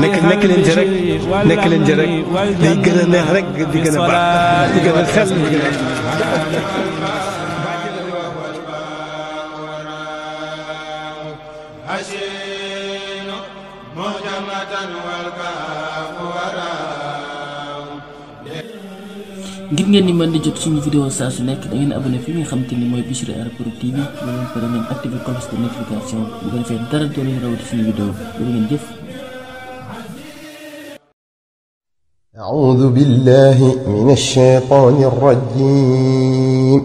nekk nekk leen ci rek nekk leen ci rek day gën a neex rek di gën a baax di gën a sell di gën a ngir ngeen ni mën di jot suñu vidéo saa su nekk da ngeen abonné fi nga xam te ni mooy Bichri Art Prod TV nga leen pare ngeen activé cloche de notification bu ko defee dara doo leen rawati suñu vidéo jërë ngeen jëf أعوذ بالله من الشيطان الرجيم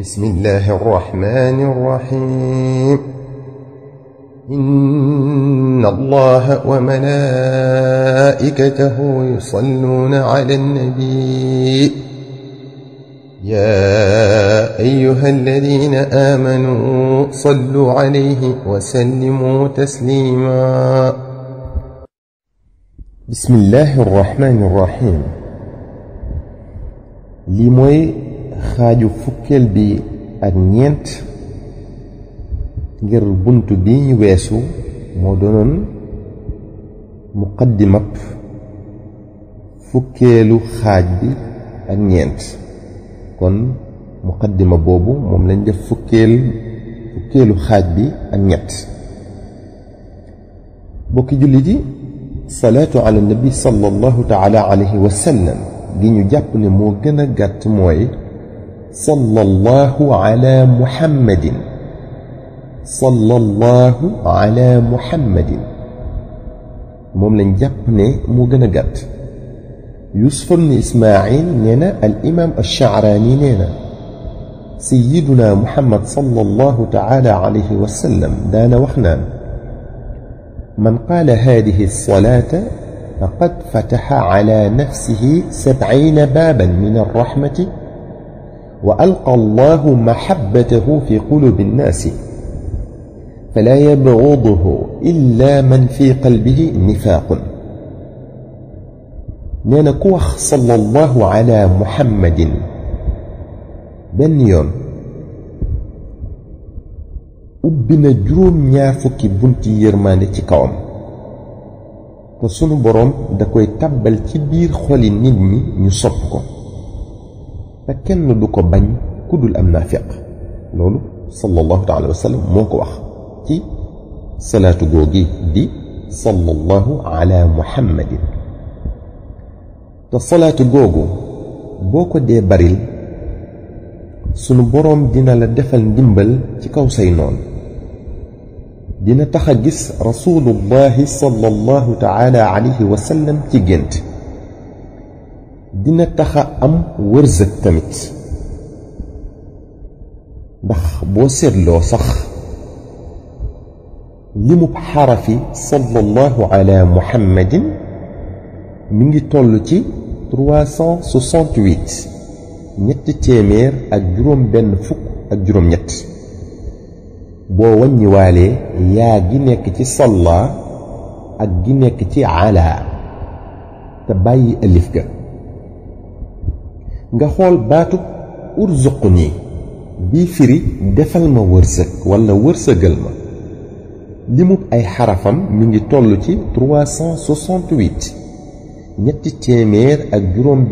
بسم الله الرحمن الرحيم إن الله وملائكته يصلون على النبي يا أيها الذين آمنوا صلوا عليه وسلموا تسليماً بسم الله الرحمن lii mooy xaaju fukkeel bi ak ñeent ngir bunt bi ñu weesu moo doonoon muqaddimab fukkeelu xaaj bi ak ñeent kon muqaddima boobu moom lañ def fukkeel fukkeelu xaaj bi ak ñett bokki jullit yi salaatu ala nabi sallallahu taala alayhi wa sallam gi ñu jàpp ne moo gën a gàtt mooy sallallahu ala muhammadin sallallahu ala muhammadin moom lañ jàpp ne moo gën a gàtt yusuf bnu ismail nee na al imam alchaaraani nee na sayiduna muhammad sallallahu taala alayhi wa sallam daana wax naan من قال هذه الصلاة فقد فتح على نفسه سبعين بابا من الرحمة وألقى الله محبته في قلوب الناس فلا يبغضه إلا من في قلبه نفاق nee na ku wax sallallahu ala muhammadin benn yoon ubbi na juróom ñaar fukki bunti yërmaande ci kawam te sunu boroom da koy tàbbal ci biir xoli nit ñi ñu sopp ko te kenn du ko bañ ku dul am naafiq loolu sallallahu alayhi ko wax ci salaatu googi di sallallahu ala muhammadin te salaatu googu boo ko dee baril sunu boroom dina la defal ndimbal ci kaw say noon dina tax a gis rasulullahi sallallahu taala alayhi wa ci gént dina tax a am wërsëg tamit ndax boo seetloo sax limub xarafi sallallahu ala muhammadin mu ngi toll ci 368 ñetti téeméer ak juróom benn fukk ak juróom ñett boo wàññiwaalee yaa gi nekk ci salla ak gi nekk ci ala te bàyyi alif ga nga xool baatu urzuq nii bii firi defal ma wërsëg walla wërsëgal ma limub ay xarafam mu ngi toll ci 368 ñetti téeméer ak juróom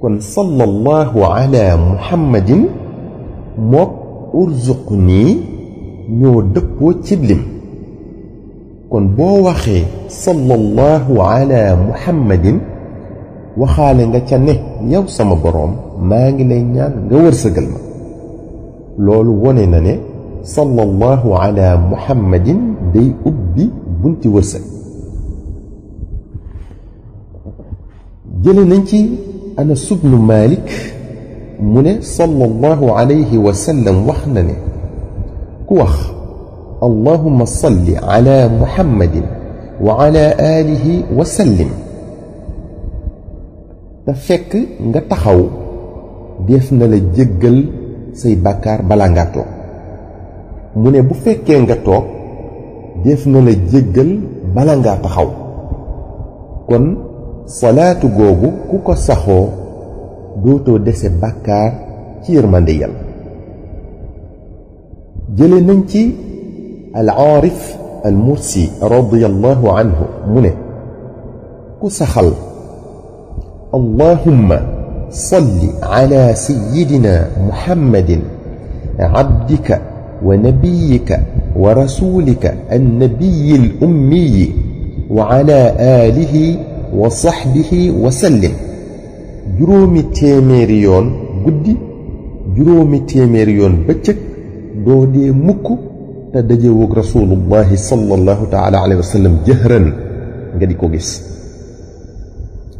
kon sallallahu ala muhammadin mook urzuq nii ñoo dëppoo ci lim kon boo waxee sallallahu ala muhammadin waxaale nga ca ne yow sama boroom maa ngi lay ñaan nga wërsëgal ma loolu wone na ne sallallahu ala muhammadin day ubbi bunti wërsëg jële nañ ci anas ibnu mu ne sallallahu alayhi wa sallam wax na ne ku wax allahuma salli ala muhammadin wa ala alihi wa sallim te fekk nga taxaw def la jéggal say bàkkaar balaa mu ne bu fekkee nga toog def na la jéggal bala ngaa taxaw kon salaatu googu ku ko saxoo dootoo dese bàkkaar ci yërmande yàlla jële nañ ci al aarif al mursi radiyallahu anhu mu ne ku saxal allahumma salli ala sayidina muhammadin abdika wa nabiyika wa rasulika annabiyi al ummiyi wa ala alihi wa sahbihi wa sallim juróomi téeméeri yoon guddi juróomi téeméeri yoon bëccëg doo dee mukk te dajewoog rasulullahi sallallahu taala alayhi wa nga di ko gis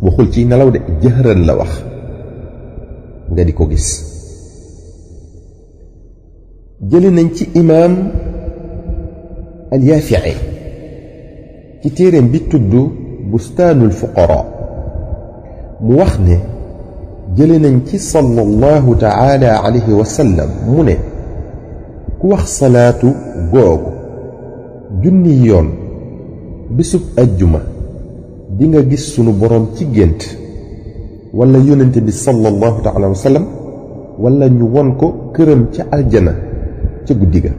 waxul ci nelaw de jëhran la wax nga di ko gis jële nañ ci imaam alyaafici ci téeréem bi tudd bustaanul fuqara mu wax ne jële nañ ci sallallahu taala alayhi wa sallam mu ne ku wax salaatu googu junni yoon bisub ajjuma di nga gis sunu boroom ci gént wala yónnente bi sallallahu taala wa sallam ñu won ko këram ca aljana ca guddi ga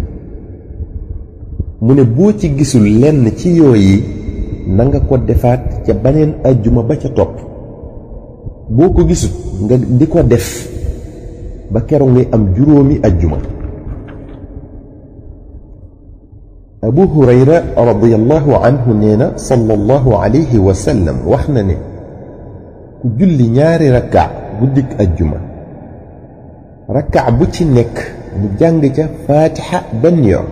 mu ne boo ci gisul lenn ci yooyi yi nanga ko defaat ca baneen ajjuma ba ca topp boo ko gisul nga di ko def ba keroog ngay am juróomi ajjuma abu hurayra radiallahu anhu nee na sallallahu alayhi wa wax na ne ku julli ñaari rakka guddik ajjuma rakka bu ci nekk mu jàng ca faatixa benn yoon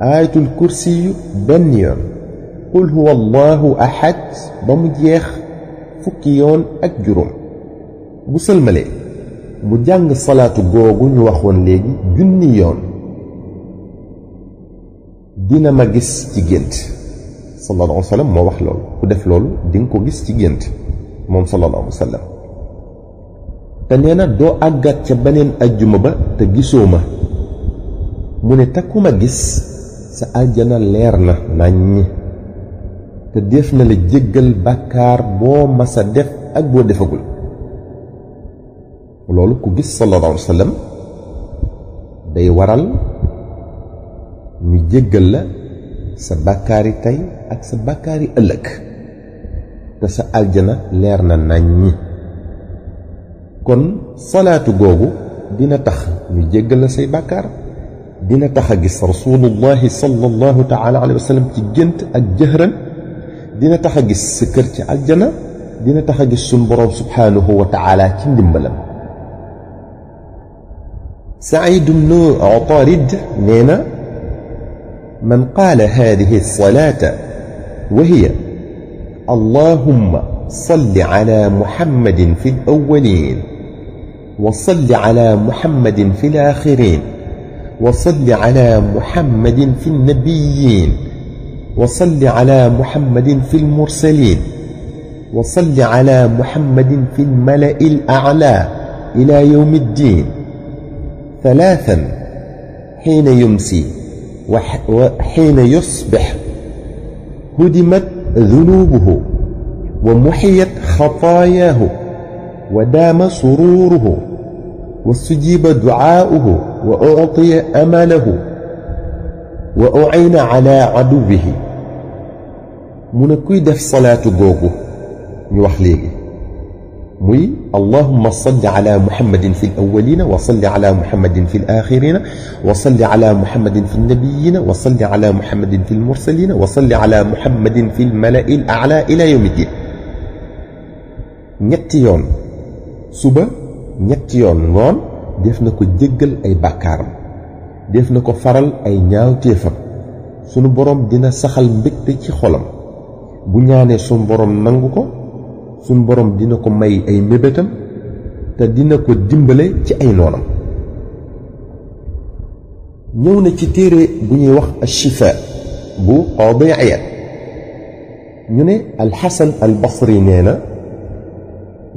aayatul kursiyu huwa allahu ahad ba mu jeex fukki yoon ak juróom bu sëlmalee mu jàng salaatu googu ñu waxoon léegi junni yoon dina ma gis ci gént sallallahu alayhi moo wax loolu ku def loolu dinga ko gis ci gént moom sallallahu alayhi wa sallam te nee na doo àggat ca beneen ajjuma ba te gisoo ma mu ne takkuma gis sa aljana leer na nañ te def na la jéggal bàkkaar boo masa def ak boo defagul loolu ku gis sallallahu alayhi wa day waral ñu jéggal la sa bàkkaari tey ak sa bàkkaari ëllëg te sa aljana leer na nàññi kon salaatu googu dina tax ñu jéggal la say bàkkaar dina tax a gis rasulullahi sallallahu taala alayhi ci gént ak jëhran dina tax a gis sa kër ci aljana dina tax a gis suñ boroom subhaanahu wa taala ci ndimbalam said bnu otarid nee na man qaala haadihi salaata wa hiya allahumma salli ala muhammadin fi alawalin wa salli ala muhammadin fi alaxirin wa salli ala muhammadin fi alnabiyin وصل على محمد في المرسلين وصل على محمد في الملأ الأعلى إلى يوم الدين ثلاثا حين يمسي وحين يصبح هدمت ذنوبه ومحيت خطاياه ودام سروره واستجيب دعاؤه وأعطي أمله وأعين على عدوه mu ne kuy def salaatu googu ñu wax léegi muy allahuma salli ala muhammadin fi l awalina wa salli ala muhammadin fi l axirina wa salli ala muhammadin fi lnabiyina wa salli ala muhammadin fi lmursalina wa salli ala muhammadin fi lmalai l ala ila yawmi ddin ñetti yoon suba ñetti yoon ngoon def na ko jéggal ay bàkkaaram def na ko faral ay ñaaw téefam sunu boroom dina saxal mbégte ci xolam bu ñaanee suñ borom nangu ko suñ borom dina ko may ay mébétam te dina ko dimbale ci ay noonam ñëw na ci téere bu ñuy wax achifa bu Qaadi Iyaad ñu ne alxasan albasri nee na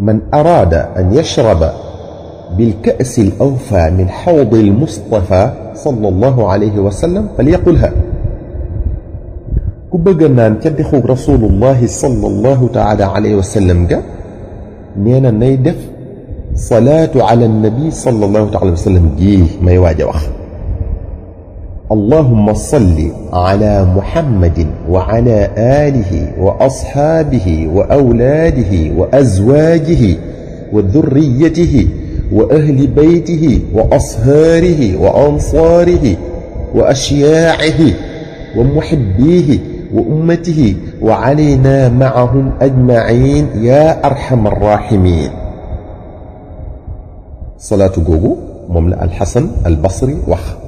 man araada an yashraba bilka'si alawfa min xawdi almustafa sallallahu alayhi wa sallam falyaqulha ku bëgg a naan ca dexu rasulullahi sallallahu taala alayhi wa sallam ga nee na nay def salaatu ala nabi sallallahu taala wa sallam gii may waaj a wax allahuma salli ala muhammadin wa ala alihi wa ashaabihi wa awlaadihi wa azwaajihi wa durriyatihi wa ahli baytihi wa ashaarihi wa ansaarihi wa ashyaacihi wa muxibbiihi وأمته وعلينا معهم أجمعين يا أرحم الراحمين salaatu googu moom la alxasan albasri wax